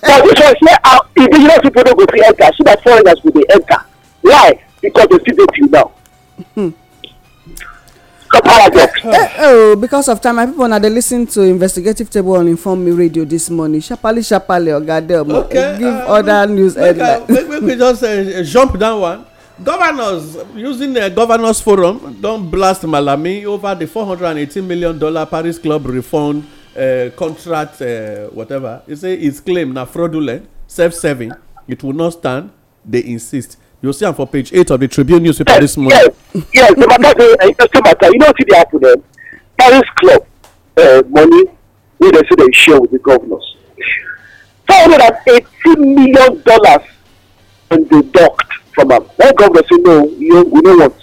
but which one say our uh, indigenous people no go fit enter so that foreigners go dey enter why because they still dey till now. Mm. oh, because of time, my people now they listen to investigative table on Inform Me Radio this morning. Shapali Shapali or Gadel. Okay, give uh, other news headlines. Make, make we just uh, jump down one. Governors using the governors forum don't blast Malami over the 418 million dollar Paris Club refund uh, contract, uh, whatever. You say it's claim now fraudulent, self-serving. It will not stand. They insist. You see them for page eight of the Tribune newspaper yes, this morning. Yes, yes, The matter an interesting matter, you know what they happen then? Eh? Paris Club uh, money, we they say they share with the governors. $480 million dollars and they docked from them. One governor say no, you, we don't want.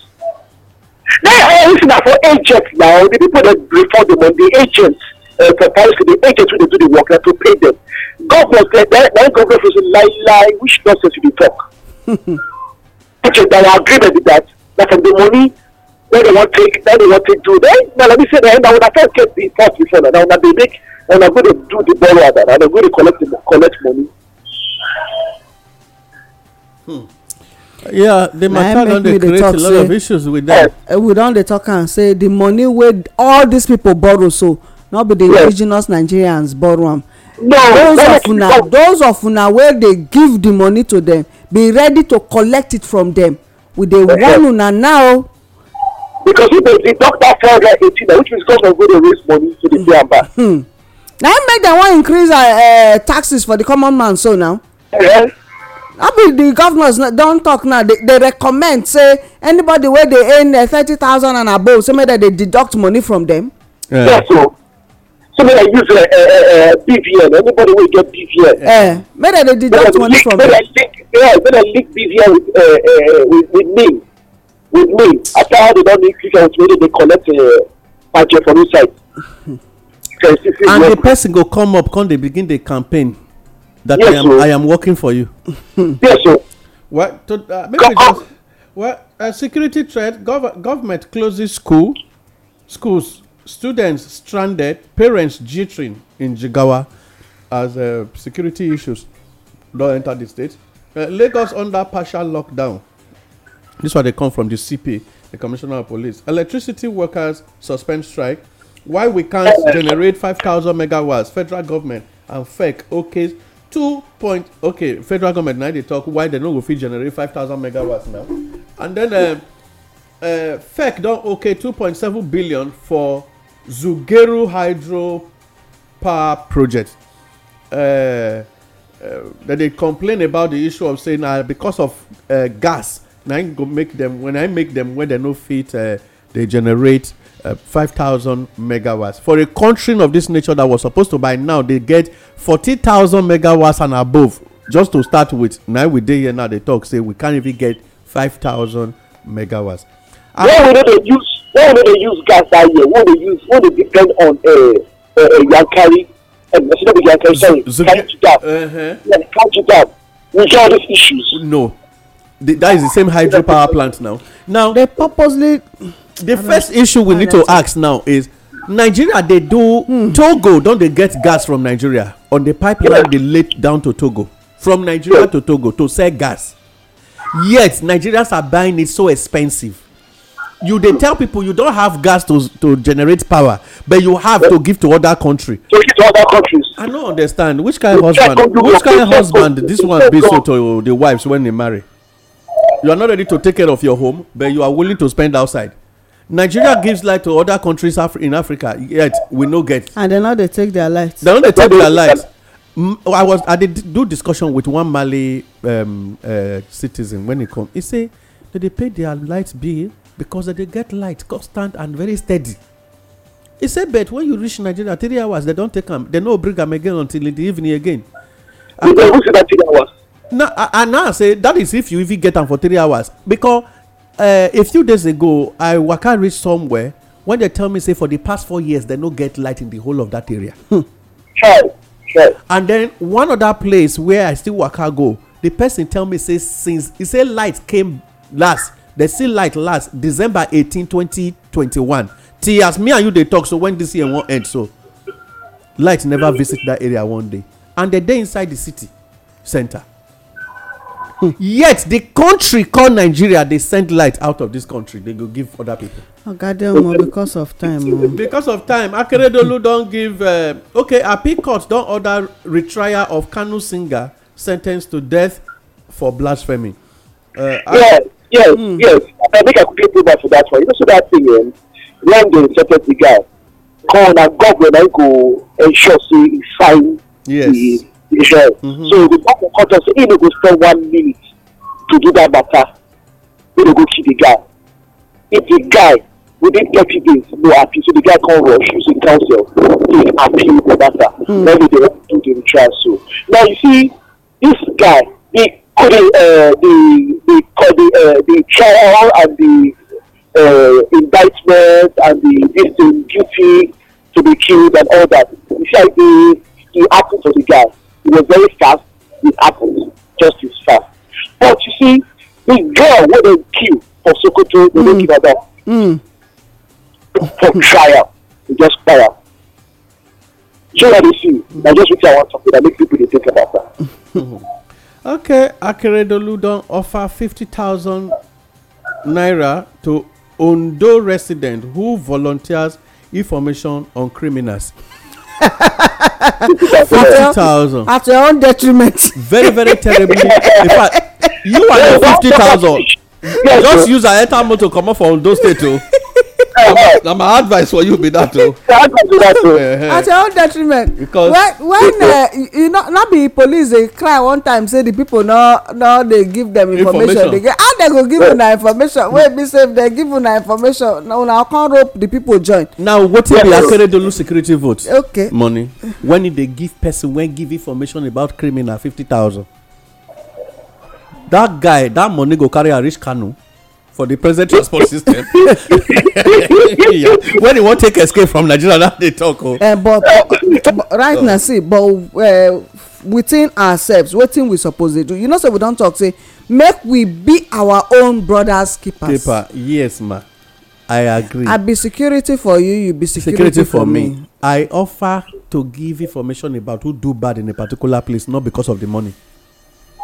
They eh, are listening for agents now. The people that report them on the agents uh, for Paris, the agents who they do the work, they have to pay them. Governors, then governors will say, lie, lie, which nonsense you dey talk? which is our agreement with that, that the money wey dem wan take na dem wan take do then na let me say na na una first get the first before na una dey make una go dey do the borrow and una go dey collect the collect money. Hmm. yeah the matter don dey create a lot of issues with that. Uh, we don dey talk and say the money where all these people borrow so not be the indigenous nigerians borrow them those of una those of una wey dey give the money to them, be ready to collect it from them. we dey warn una now. because if they the doctor tell guy eighteen which means government go dey raise money to dey pay am back. na im hmm. make dem wan increase uh, uh, taxes for the common man so now. Yeah. i mean the governors don talk now They recommend say anybody wey dey earn uh, thirty thousand and above say make dem dey deduct money from them. Yeah. Yeah, so some of use uh, uh, uh, uh BVN. Anybody will get BVN. Yeah. May they did that one leak, from. May link, yeah, may they link BVN with, uh, uh, with, with me, with me. After how they don't link BVN with me, they collect a uh, budget from inside. and the person go come up, come they begin the campaign that yes, I am, so. I am working for you. yes, sir. What? To, uh, maybe just, well, a uh, security threat. Gov- government closes school, schools students stranded, parents jittering in Jigawa as uh, security issues don't enter the state. Uh, Lagos under partial lockdown. This one they come from the CP, the Commissioner of Police. Electricity workers suspend strike. Why we can't generate 5,000 megawatts? Federal government and FEC okay two point okay federal government now they talk why they no go fit generate 5,000 megawatts now and then uh, uh, FEC don okay seven billion for zugeru hydro power project uh, uh, that they complain about the issue of saying uh, because of uh, gas na i go make them when i make them when they no fit uh, they generate uh, thousand megawatts for a country of this nature that was supposed to by now they get forty thousand megawatts and above just to start with now we dey here now they talk say we can't even get five thousand megawatts Ah. when we no dey use when we no dey use gas that year we dey use we dey depend on uh, uh, yankari uh, no be yankari sorry kanji dam uh-huh. yeah kanji dam we get all these issues. no the, that is the same hydropower plant now now they purposely the first issue we need to ask now is nigeria dey do mm. togo don dey get gas from nigeria on the pipeline yeah. dey late down to togo from nigeria yeah. to togo to sell gas yet nigerians are buying it so expensive you dey tell people you don have gas to to generate power but you have to give to other country. to give to other countries. i no understand which kind of husband which kind of husband this one be so to the wives when they marry you are not ready to take care of your home but you are willing to spend outside nigeria gives light to other countries in africa yet we no get. and then now they take their light. They no dey take their light. i was i did do discussion with one mali um, uh, citizen when he come he say dem dey pay their light bill because they get light constant and very steady He said, but when you reach nigeria three hours they don't take them. They no bring them again until in the evening again you don reach that three hours na and now I say that is if you even get them for three hours because uh, a few days ago i waka reach somewhere when they tell me say for the past four years they no get light in the whole of that area. Hmm. Sure, sure. and then one other place where i still waka go the person tell me say since he say light came last dem still light last december eighteen twenty 2021 till as me and you dey talk so when this year wan end so light never visit that area one day and dem dey inside the city center. Hmm. yet the country call nigeria dey send light out of this country dey go give oda pipo oga delmo because of time oh. because of time akeredolu don give uh, okay appeal court don order retrial of kanu singer sen ten ced to death for blasphemy uh, yes Yes, mm. yes. I think I could get paper for that one. You know, so that thing, um, they inserted the guy. Come and government and go ensure say he sign yes. the, the Israel. Mm-hmm. So the back of contract say, he go spend one minute to do that matter. He go see the guy. If the guy within thirty days no appeal so the guy can't rush using counsel take appeal the matter mm. then they to do the trial so now you see this guy he including uh, the the the, uh, the trial and the uh, indictment and the this the duty to be killed and all that. In fact, the the happened to the guy. It was very fast. It happened just as fast. But you see, the girl wey dey kill for Sokoto, they mm. no give her down mm. for trial. They just fire. So na dey see. Na just what I want to talk about. Make people dey think about that. Okay, Akeredolu don offer 50,000 naira to Ondo resident who volunteers information on criminals. 40,000. At your own detriment. Very, very terrible. In fact, you and your 50,000. Just use a enter motor come up for Ondo state too. Oh na my advice for you be that oh. o. at your own detriment. because when when uh, you know no be police dey cry one time say the people no no dey give them information, information. they get how they go give una information wey be say if they give una information una come rope the people join. now wetin be akeredolu security vote. okay money when e dey give person wey give information about criminal fifty thousand that guy that money go carry am reach kano for the present transport system yeah. when you want take escape from nigeria now they talk Oh, Uh, but right now see but uh, within ourselves what thing we supposed to do you know say we don't talk say make we be our own brothers keepers. keeper yes ma i agree. i be security for you you be security, security for, for me. me. i offer to give information about who do bad in a particular place not because of the money.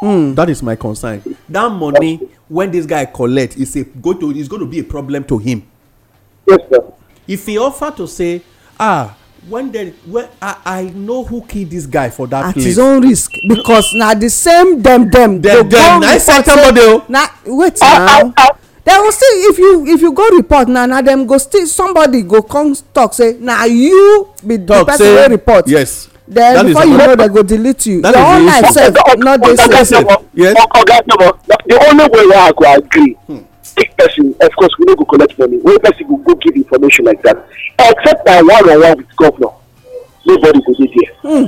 Mm. That is my concern. That money, when this guy collect, is a go to is going to be a problem to him. Yes, sir. If he offer to say, ah, when they when I, I know who kill this guy for that at place. at his own risk because na the same dem dem. dem dem na inside somebody o. Oh. na wait now. dem ah, ah, ah. go still if you if you go report na na dem go still somebody go come talk say na you be talk the person wey report. yes then before you know dem go delete you your own life sef no dey safe. oga sọmọ the only way wey i go agree take hmm. person of course we no go collect money wey person go go give information like that except na one on one with governor nobody go dey there. Hmm.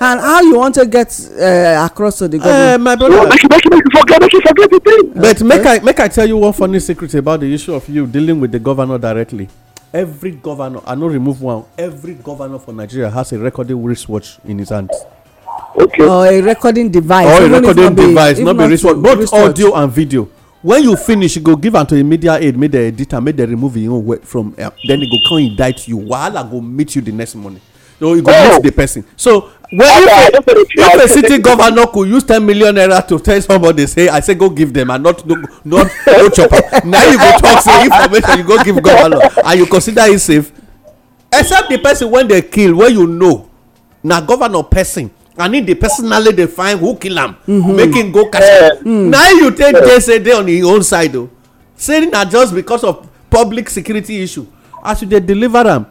and how you want to get uh, across to di eh, government. Uh, my brother make you make you forget make you forget the thing. but make i make i tell you one funny secret about the issue of you dealing with the governor directly every governor i no remove one every governor for nigeria has a recording wristwatch in his hand. okay or a recording device or a recording device not be wristwatch both audio and video when you finish you go give am to a media aid make dem edit am make dem remove im own from eh, then e go come indict you wahala go meet you the next morning so you go oh. meet the person so well if a if a city governor could use ten million naira to tell somebody say i say go give them and not no not no chop am na you go talk say information you go give governor and you consider him safe except the person wey dey kill wey you know na governor person and him dey personally dey find who kill am mm-hmm. make him go catch am mm. na you take dey say dey on him own side o say na just because of public security issue as you dey deliver am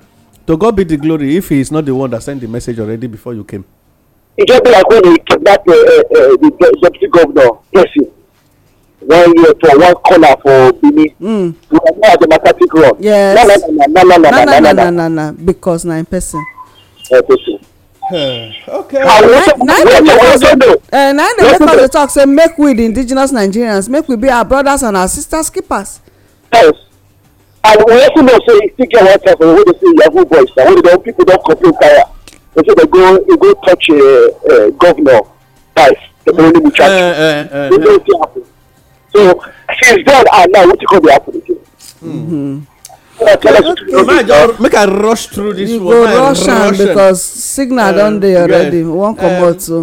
To God be the glory if he is not the one that sent the message already before you came. It just be like when they kidnapped uh, uh, the deputy governor, Jesse, one year for one corner for Benin. Mm. We are now at the Makati Cross. Yes. Na na na na na na na na na na because na in person. Uh, eh, person. okay. na dey make us dey talk say make we the indigenous nigerians make we be our brothers and our sisters keepers. Yes. And we also know say e still get one time wey dey say yahoo boys na wey don people don complain tire They say they go they go touch uh, uh, governor wife the go only be eh, charge e no fit happen so since then and now wetin come dey happen again. hmm eh, make i rush through this one You go rush am because signal eh, don dey already we wan comot So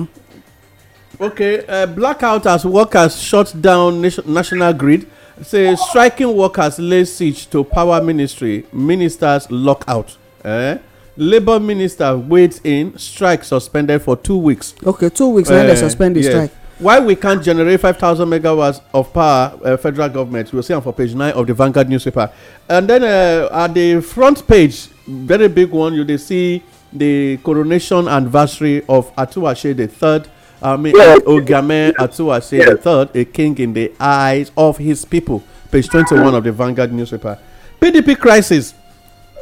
okay blackout as workers shut down national grid say striking workers lay siege to power ministry ministers lockout eh? labour minister wades in strike suspended for two weeks. okay two weeks uh, then they eh, suspend the yes. strike. why we can't generate five thousand megawatts of power uh, federal government we will see am for page nine of the vanguard newspaper and then uh, at the front page very big one you dey see the coronation anniversary of atuwashe the third I mean, Ogame Atuwase the third, a king in the eyes of his people. Page 21 of the Vanguard newspaper. PDP crisis.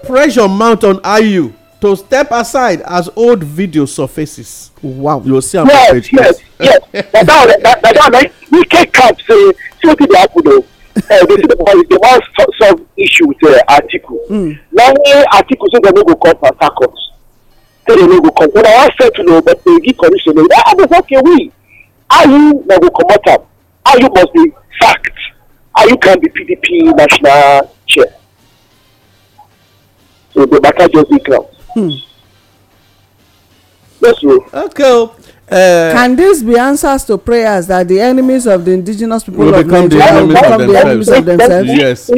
Pressure mount on IU to step aside as old video surfaces. Wow. You'll see on yes, page. Yes, yes. That's how, that, that's we can't come say, see what people happen though. uh, they, they want to solve issue with uh, article. Mm. Now, article so they no go come for circles say dem no go come una wan settle o but dey give commission o ah abeg ayu na go comot ayu must be sacked ayu can be pdp national chair so the matter just dey ground. Hmm. yes o. okay o. Uh, eh. Can this be answers to prayers that the enemies of the indigenous people will of become Nigeria become the enemies of themselves? Yes.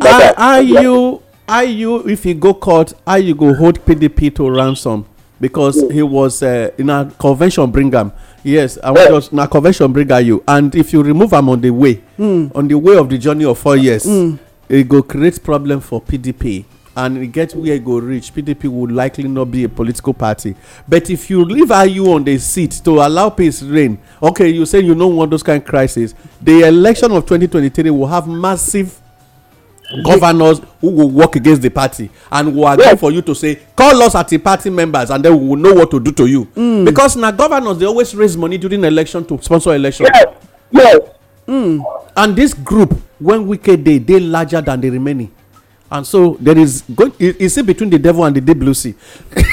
Are, are you IU, if he go court, IU go hold PDP to ransom because he was uh, in a convention bring am yes i wan just na convention bring you and if you remove am on the way mm. on the way of the journey of four years mm. e go create problem for pdp and e get where e go reach pdp would likely not be a political party but if you leave iu on the seat to allow peace reign okay you say you no want those kind of crisis the election of 2023 will have massive governors who will work against the party and will agree yes. for you to say call us at the party members and then we will know what to do to you. Mm. because na governors dey always raise money during election to sponsor election. yes yes. Mm. and this group when wike dey dey larger than the remaining and so there is going you, see between the devil and the deep blue sea. yes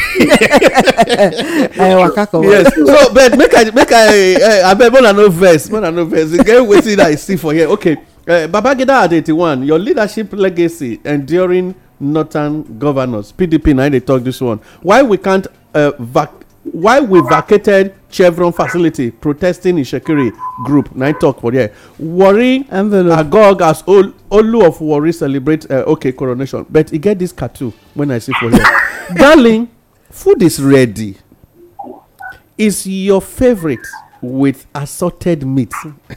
so but make i make i eh, abeg make una no vex make una no vex e get wetin i see for here okay. Uh, eh, Babagida at eighty-one. your leadership legacy enduring northern governors. PDP now they talk this one. Why we can't uh, vac why we vacated Chevron facility protesting in group. Now talk for there. Worry Envelope. Agog as Ol, Olu of Worry celebrate uh, okay coronation. But you e get this tattoo when I see for here. Darling, food is ready. Is your favorite with assorted meat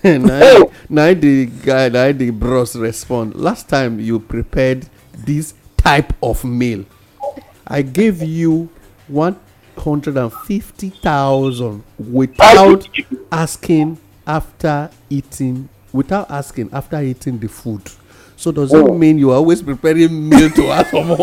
na na the guy na the bros respond last time you prepared this type of meal i gave you one hundred and fifty thousand without asking after eating without asking after eating the food. So does that oh. mean you are always preparing meal to us from home?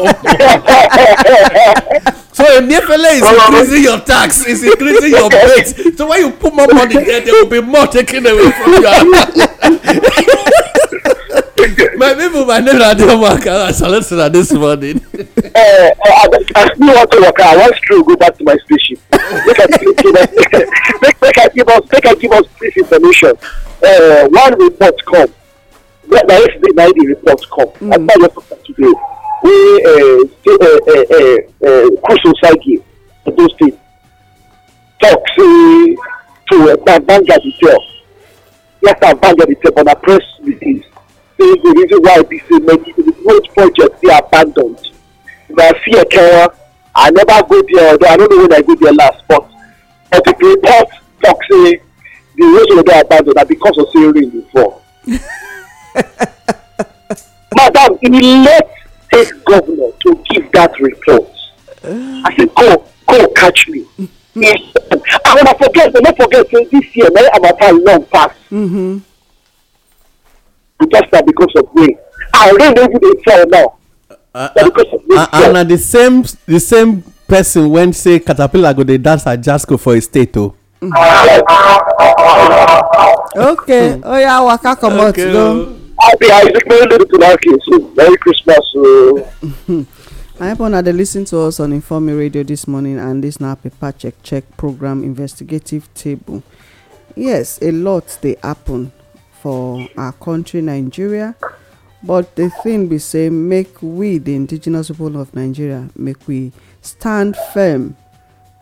so a Nefele is increasing your tax, is increasing your bait. So when you put more money there, there will be more taken away from you. my people, my name is Adel Makara. Solicitor this morning. uh, I, I still want to work I want to go back to my station. Make I give us, make, I give us, make give us brief information. Uh, one report come na yesterday na the report come hmm. i buy your paper today wey cruise osage edo state talk say to gbangba eh, the tell yes na gbangba the tell but na press release say the reason why be eh, say many the road project dey abandoned na fear kenya i never go there although i don't know when i go there last but but the report talk say the reason why dey abandoned na because of say rain dey fall. Madam, he let state governor to give that report. I said, go, go catch me. yes. I want forget, but not forget, say, this year, my avatar long pass. Mm-hmm. Just that because of rain. I rain even dey fall now. Uh, uh, because of rain. Uh, and uh, the same the same person when say caterpillar go dey dance at jasco for a state o. Oh. Mm. okay mm. oya oh, waka comot go. Oh happy Isaac Mary Tunaki. Merry Christmas. I hope una dey lis to us on Informe Radio this morning and this na paper check check program investigative table. Yes, a lot they happen for our country Nigeria but the thing we say make we the indigenous people of Nigeria make we stand firm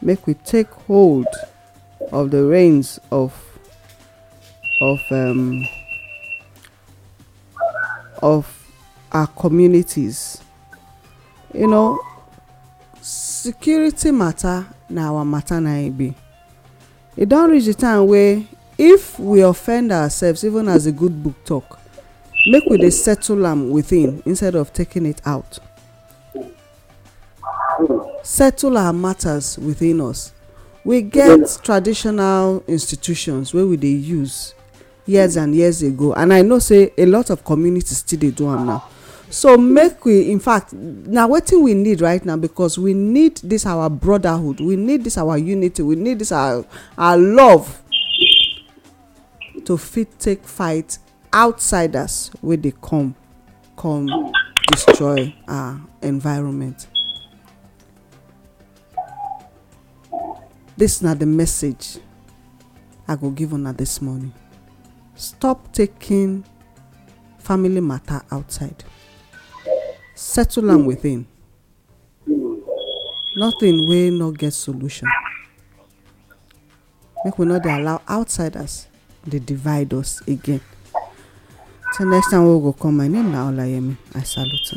make we take hold of the reins of of um, of our communities. You know, security matter na our matter na e be. E don reach the time wey if we offend ourselves even as the good book talk, make we dey settle am within instead of taking it out. Settle our matters within us. We get traditional institutions wey we dey use years and years ago and i know say a lot of communities still dey do am now so make we in fact na wetin we need right now because we need this our brotherhood we need this our unity we need this our our love to fit take fight outsiders wey dey come come destroy our environment this na the message i go give una this morning stop taking family matter outside settle am within nothing wey no get solution make we no dey allow outsiders dey divide us again till next time wey we go come my name na olayemi i salute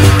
una.